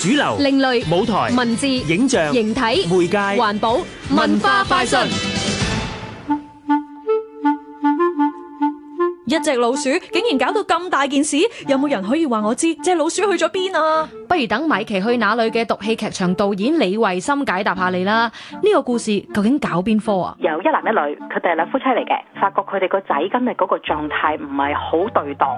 主流、另類舞台、文字、影像、形體、媒介、環保、文化快訊。一隻老鼠竟然搞到咁大件事，有冇人可以話我知隻老鼠去咗邊啊？不如等米奇去那裏嘅毒氣劇場導演李慧心解答下你啦。呢個故事究竟搞邊科啊？有一男一女，佢哋係兩夫妻嚟嘅，發覺佢哋個仔今日嗰個狀態唔係好對當，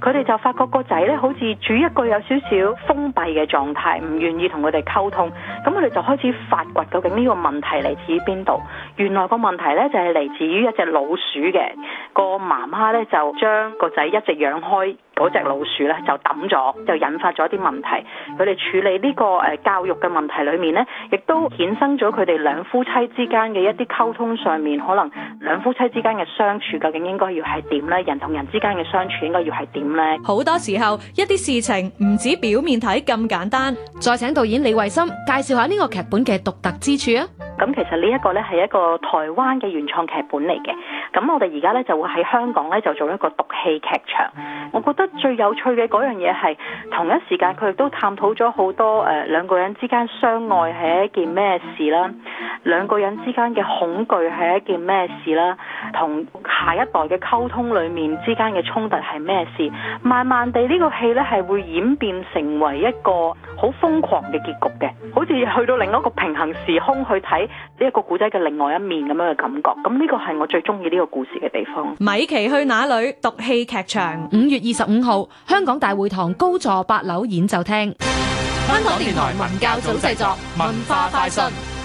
佢哋就發覺個仔咧好似處於一個有少少封閉嘅狀態，唔願意同佢哋溝通。咁佢哋就開始發掘究竟呢個問題嚟自於邊度？原來個問題呢，就係嚟自於一隻老鼠嘅。個媽媽呢，就將個仔一直養開嗰隻老鼠呢，就抌咗，就引發咗啲問題。佢哋處理呢個誒教育嘅問題裏面呢，亦都衍生咗佢哋兩夫妻之間嘅一啲溝通上面，可能兩夫妻之間嘅相處究竟應該要係點呢？人同人之間嘅相處應該要係點呢？好多時候一啲事情唔止表面睇咁簡單。再請導演李慧心介紹。喺、這、呢個劇本嘅獨特之處啊！咁其實呢一個呢係一個台灣嘅原創劇本嚟嘅，咁我哋而家呢就會喺香港呢就做一個獨戲劇場。我覺得最有趣嘅嗰樣嘢係同一時間佢亦都探討咗好多誒、呃，兩個人之間相愛係一件咩事啦，兩個人之間嘅恐懼係一件咩事啦，同。下一代嘅溝通裏面之間嘅衝突係咩事？慢慢地呢個戲呢係會演變成為一個好瘋狂嘅結局嘅，好似去到另一個平行時空去睇呢一個古仔嘅另外一面咁樣嘅感覺。咁呢個係我最鍾意呢個故事嘅地方。米奇去哪裏讀戲劇場，五月二十五號香港大會堂高座八樓演奏廳。香港電台文教組製作，文化快訊。